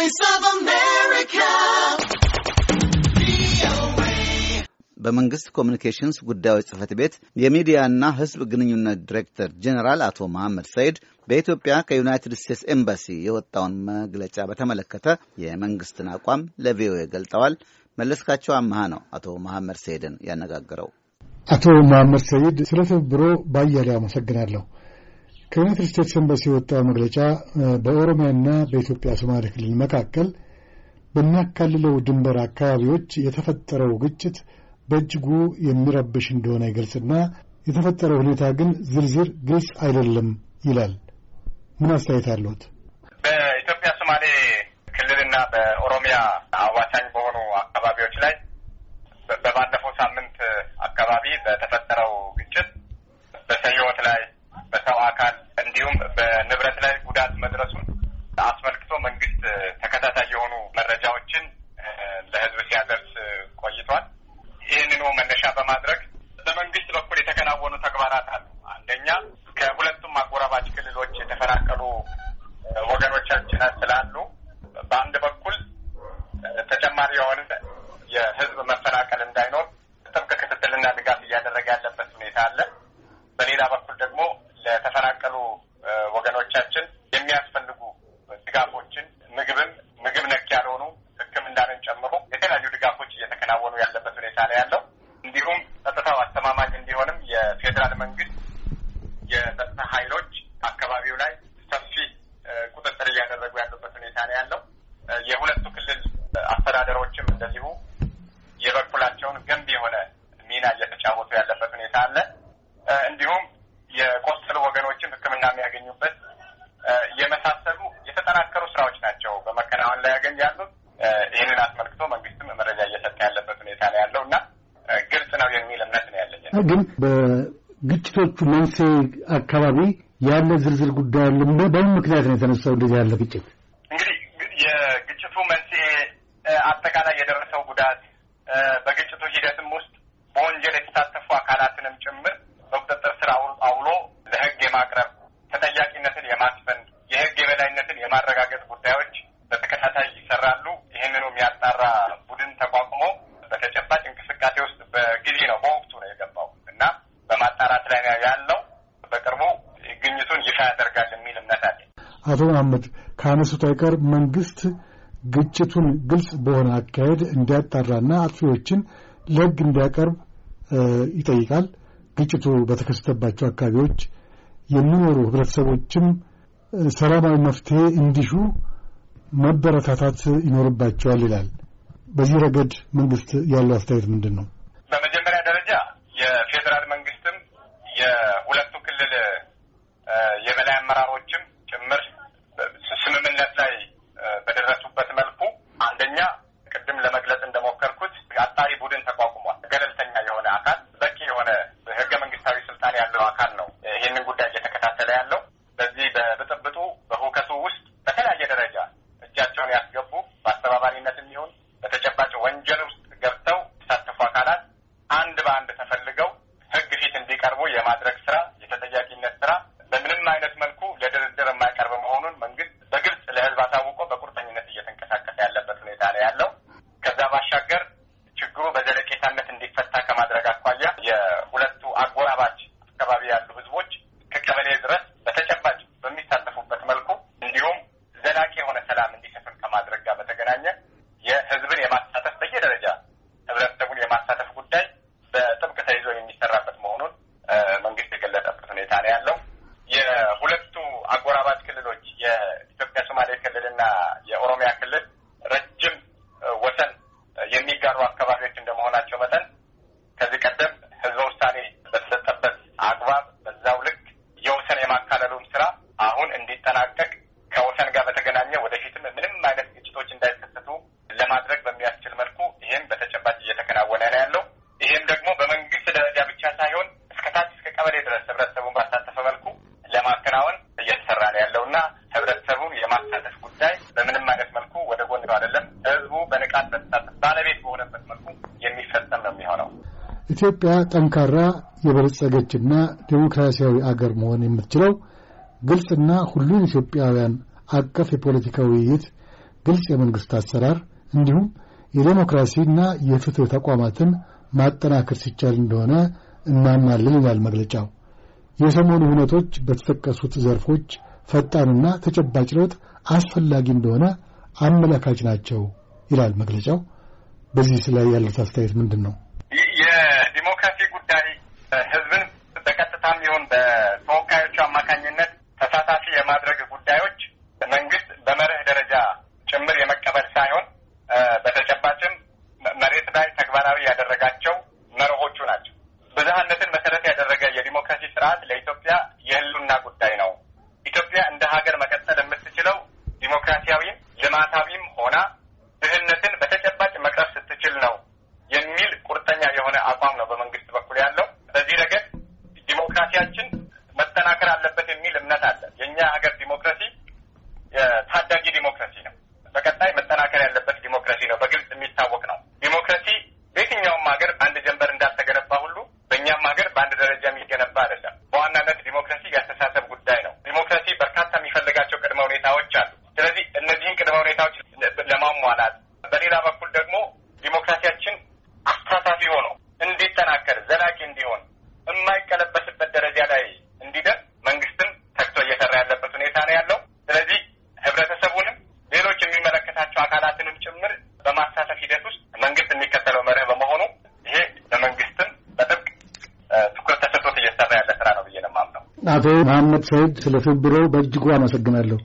Voice of America. በመንግስት ኮሚኒኬሽንስ ጉዳዮች ጽህፈት ቤት የሚዲያና ህዝብ ግንኙነት ዲሬክተር ጀኔራል አቶ መሐመድ ሰይድ በኢትዮጵያ ከዩናይትድ ስቴትስ ኤምባሲ የወጣውን መግለጫ በተመለከተ የመንግስትን አቋም ለቪኦኤ ገልጠዋል። መለስካቸው አመሃ ነው አቶ መሐመድ ሰይድን ያነጋግረው። አቶ መሐመድ ሰይድ ስለ ትብብሮ ባያሌ አመሰግናለሁ። ከዩናይትድ ስቴትስ ኤምባሲ የወጣው መግለጫ በኦሮሚያና በኢትዮጵያ ሶማሌ ክልል መካከል በሚያካልለው ድንበር አካባቢዎች የተፈጠረው ግጭት በእጅጉ የሚረብሽ እንደሆነ ይገልጽና የተፈጠረው ሁኔታ ግን ዝርዝር ግልጽ አይደለም ይላል። ምን አስተያየት አለሁት? በኢትዮጵያ ሶማሌ ክልልና በኦሮሚያ አዋሳኝ በሆኑ አካባቢዎች ላይ በባለፈው ሳምንት አካባቢ በተፈ ተጨማሪ የሆነ የህዝብ መፈናቀል እንዳይኖር የሚያገኙበት የመሳሰሉ የተጠናከሩ ስራዎች ናቸው በመከናወን ላይ ያገኝ ያሉት። ይህንን አስመልክቶ መንግስትም መረጃ እየሰጠ ያለበት ሁኔታ ነው ያለው እና ግልጽ ነው የሚል እምነት ነው ያለኝ። ግን በግጭቶቹ መንስኤ አካባቢ ያለ ዝርዝር ጉዳይ አለ። በምን ምክንያት ነው የተነሳው እንደዚህ ያለ ግጭት? እንግዲህ የግጭቱ መንስኤ አጠቃላይ የደረሰው ጉዳት በግጭቱ ሂደትም ውስጥ በወንጀል የተሳተፉ አካላትንም ጭምር የሚያጣራ ቡድን ተቋቁሞ በተጨባጭ እንቅስቃሴ ውስጥ በጊዜ ነው በወቅቱ ነው የገባው እና በማጣራት ላይ ያለው በቅርቡ ግኝቱን ይፋ ያደርጋል የሚል እምነት አለ። አቶ መሐመድ ከአነሱት አይቀር መንግስት ግጭቱን ግልጽ በሆነ አካሄድ እንዲያጣራና አጥፊዎችን ለህግ እንዲያቀርብ ይጠይቃል። ግጭቱ በተከሰተባቸው አካባቢዎች የሚኖሩ ህብረተሰቦችም ሰላማዊ መፍትሄ እንዲሹ መበረታታት ይኖርባቸዋል ይላል። በዚህ ረገድ መንግስት ያለው አስተያየት ምንድን ነው? በመጀመሪያ ደረጃ የፌዴራል መንግስትም የሁለቱ ክልል የበላይ አመራሮችም ጭምር ስምምነት ላይ በደረሱበት መልኩ አንደኛ ቅድም ለመግለጽ እንደሞከርኩት አጣሪ ቡድን ተቋቁሟል። ገለልተኛ የሆነ አካል በቂ የሆነ ህገ መንግስታዊ ስልጣን ያለው አካል ነው የኢትዮጵያ ሶማሌ ክልልና የኦሮሚያ ክልል ረጅም ወሰን የሚጋሩ አካባቢዎች እንደመሆናቸው መጠን ከዚህ ቀደም ህዝበ ውሳኔ በተሰጠበት አግባብ በዛው ልክ የወሰን የማካለሉም ስራ አሁን እንዲጠናቀቅ ከወሰን ጋር በተገናኘ ወደፊትም ምንም አይነት ግጭቶች እንዳይከሰቱ ለማድረግ በሚያስችል መልኩ ይህም በተጨባጭ እየተከናወነ ነው ያለው። ይህም ደግሞ በመንግስት ደረጃ ብቻ ሳይሆን እስከታች እስከ ቀበሌ ድረስ ህብረተሰቡን ባሳ ኢትዮጵያ ጠንካራ የበለጸገችና ዴሞክራሲያዊ አገር መሆን የምትችለው ግልጽና ሁሉን ኢትዮጵያውያን አቀፍ የፖለቲካ ውይይት፣ ግልጽ የመንግሥት አሰራር እንዲሁም የዴሞክራሲና የፍትሕ ተቋማትን ማጠናከር ሲቻል እንደሆነ እናምናለን ይላል መግለጫው። የሰሞኑ ሁነቶች በተጠቀሱት ዘርፎች ፈጣንና ተጨባጭ ለውጥ አስፈላጊ እንደሆነ አመላካች ናቸው ይላል መግለጫው። በዚህ ላይ ያሉት አስተያየት ምንድን ነው? የዲሞክራሲ ጉዳይ ህዝብን በቀጥታም ይሁን በተወካዮቹ አማካኝነት ተሳታፊ የማድረግ ጉዳዮች መንግስት በመርህ ደረጃ ጭምር የመቀበል ሳይሆን በተጨባጭም መሬት ላይ ተግባራዊ ያደረጋቸው መርሆቹ ናቸው። ብዝሃነትን መሰረት ያደረገ የዲሞክራሲ ስርዓት ለኢትዮጵያ የህልውና ጉዳይ ነው። ኢትዮጵያ እንደ ሀገር መቀጠል የምትችለው ዲሞክራሲያዊም ልማታዊም መጠናከር አለበት የሚል እምነት አለ። የእኛ ሀገር ዲሞክራሲ የታዳጊ ዲሞክራሲ ነው። በቀጣይ መጠናከር ያለበት ዲሞክራሲ ነው። በግልጽ የሚታወቅ ነው። ዲሞክራሲ በየትኛውም ሀገር አንድ ጀንበር እንዳልተገነባ ሁሉ በእኛም ሀገር በአንድ ደረጃ የሚገነባ አይደለም። አቶ መሐመድ ሰይድ ስለ ትብብሮ በእጅጉ አመሰግናለሁ።